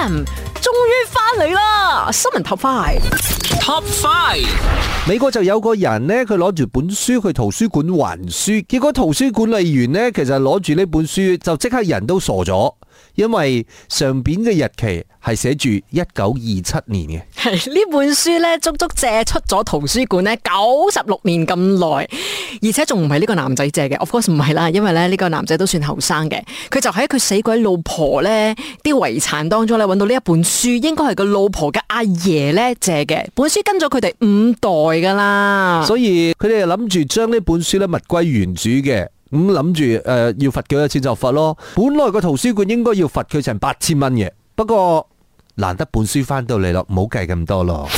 終於翻嚟啦！新聞 Top Five，Top Five，美國就有個人呢，佢攞住本書去圖書館還書，結果圖書管理員呢，其實攞住呢本書就即刻人都傻咗，因為上邊嘅日期。係寫住一九二七年嘅，係 呢本書呢足足借出咗圖書館咧九十六年咁耐，而且仲唔係呢個男仔借嘅，of course 唔係啦，因為咧呢個男仔都算後生嘅，佢就喺佢死鬼老婆呢啲遺產當中咧，搵到呢一本書，應該係個老婆嘅阿爺呢借嘅，本書跟咗佢哋五代噶啦，所以佢哋諗住將呢本書咧物歸原主嘅，咁諗住誒要罰幾多錢就罰咯，本來個圖書館應該要罰佢成八千蚊嘅，不過。難得本書返到嚟咯，唔好計咁多咯。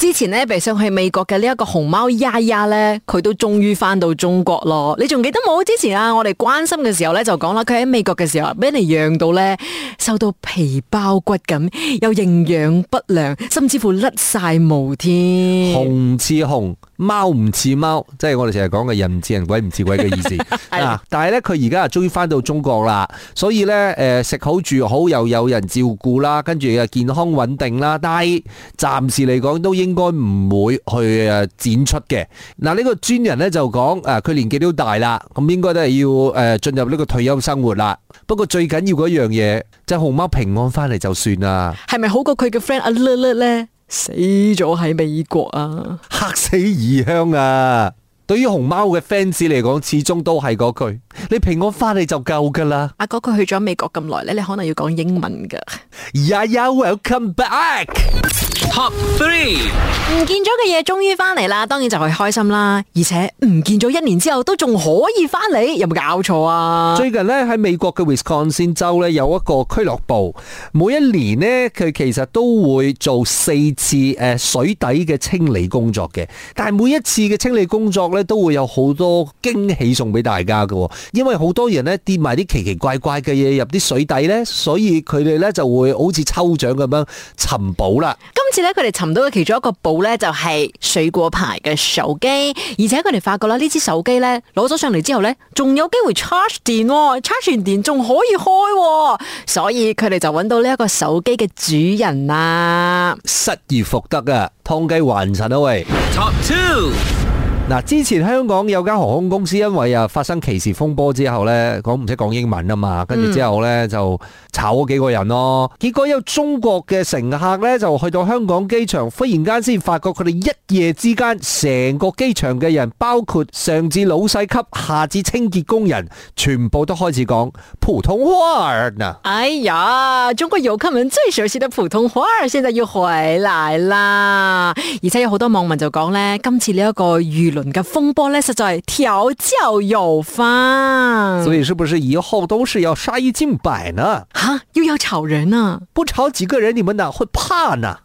之前呢，被送去美國嘅呢一個熊貓丫丫咧，佢都終於翻到中國咯。你仲記得冇？之前啊，我哋關心嘅時候呢，就講啦，佢喺美國嘅時候俾人養到呢，瘦到皮包骨咁，又營養不良，甚至乎甩晒毛添。熊似熊，貓唔似貓，即係我哋成日講嘅人唔似人，鬼唔似鬼嘅意思。但係呢，佢而家啊，終於翻到中國啦，所以呢，誒、呃、食好住好，又有人照顧啦，跟住又健康穩定啦，但係暫時嚟講都應。應該唔會去誒展出嘅。嗱、啊、呢、這個專人咧就講誒，佢、啊、年紀都大啦，咁應該都係要誒進、呃、入呢個退休生活啦。不過最緊要嘅一樣嘢，就係、是、熊貓平安翻嚟就算啦。係咪好過佢嘅 friend 阿叻叻咧死咗喺美國啊？吓死異鄉啊！對於熊貓嘅 fans 嚟講，始終都係嗰句：你平安翻嚟就夠噶啦。阿哥佢去咗美國咁耐咧，你可能要講英文噶。Ya、yeah, yeah, welcome back。Top three 唔、嗯、唔見咗嘅嘢終於翻嚟啦，當然就係開心啦。而且唔見咗一年之後都仲可以翻嚟，有冇搞錯啊？最近咧喺美國嘅 Wisconsin 州咧有一個俱樂部，每一年咧佢其實都會做四次誒水底嘅清理工作嘅。但係每一次嘅清理工作咧都會有好多驚喜送俾大家嘅，因為好多人咧跌埋啲奇奇怪怪嘅嘢入啲水底咧，所以佢哋咧就會好似抽獎咁樣尋寶啦。今次。咧佢哋尋到嘅其中一個寶呢，就係水果牌嘅手機，而且佢哋發覺咧呢支手機呢，攞咗上嚟之後呢，仲有機會 charge 電哦，charge 完電仲可以開哦，所以佢哋就揾到呢一個手機嘅主人啦，失而復得啊，劏雞還神啊喂。Top Two 嗱，之前香港有間航空公司因為啊發生歧視風波之後咧，講唔識講英文啊嘛，跟住之後咧就炒咗幾個人咯、嗯。結果有中國嘅乘客咧就去到香港機場，忽然間先發覺佢哋一夜之間成個機場嘅人，包括上至老細級，下至清潔工人，全部都開始講普通話啊！哎呀，中國遊客們最熟悉的普通話，現在要回來啦！而且有好多網民就講咧，今次呢一個娛樂。嘅風波咧，實在係調教有方，所以是不是以後都是要殺一儆百呢？吓，又要炒人啊？不炒幾個人，你們哪會怕呢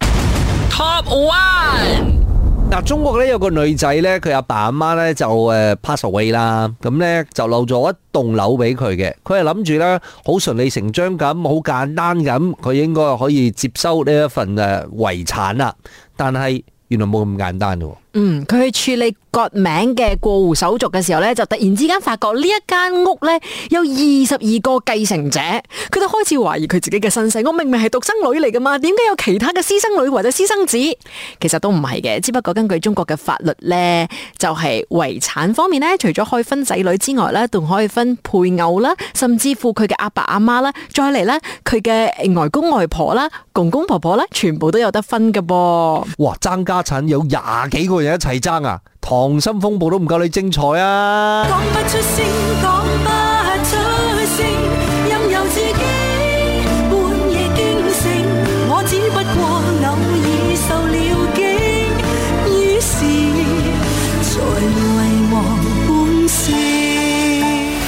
？Top One，嗱，中國咧有個女仔咧，佢阿爸阿媽咧就誒 pass away 啦，咁咧就留咗一棟樓俾佢嘅，佢係諗住咧好順理成章咁，好簡單咁，佢應該可以接收呢一份誒遺產啦。但係原來冇咁簡單嘅。嗯，佢去處理割名嘅過戶手續嘅時候咧，就突然之間發覺呢一間屋咧有二十二個繼承者，佢都開始懷疑佢自己嘅身世。我明明係獨生女嚟噶嘛，點解有其他嘅私生女或者私生子？其實都唔係嘅，只不過根據中國嘅法律咧，就係遺產方面咧，除咗可以分仔女之外咧，仲可以分配偶啦，甚至乎佢嘅阿爸阿媽啦，再嚟咧佢嘅外公外婆啦、公公婆婆啦，全部都有得分嘅噃。哇，爭家產有廿幾個？一齊爭啊！溏心風暴都唔夠你精彩啊！講不出聲，講不出聲，任由自己半夜驚醒。我只不過偶爾受了驚，於是才遺忘本事。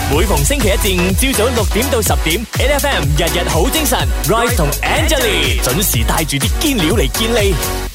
每逢星期一至五朝早六點到十點，NFM 日日好精神，Ray 同 Angelie 準時帶住啲堅料嚟見你。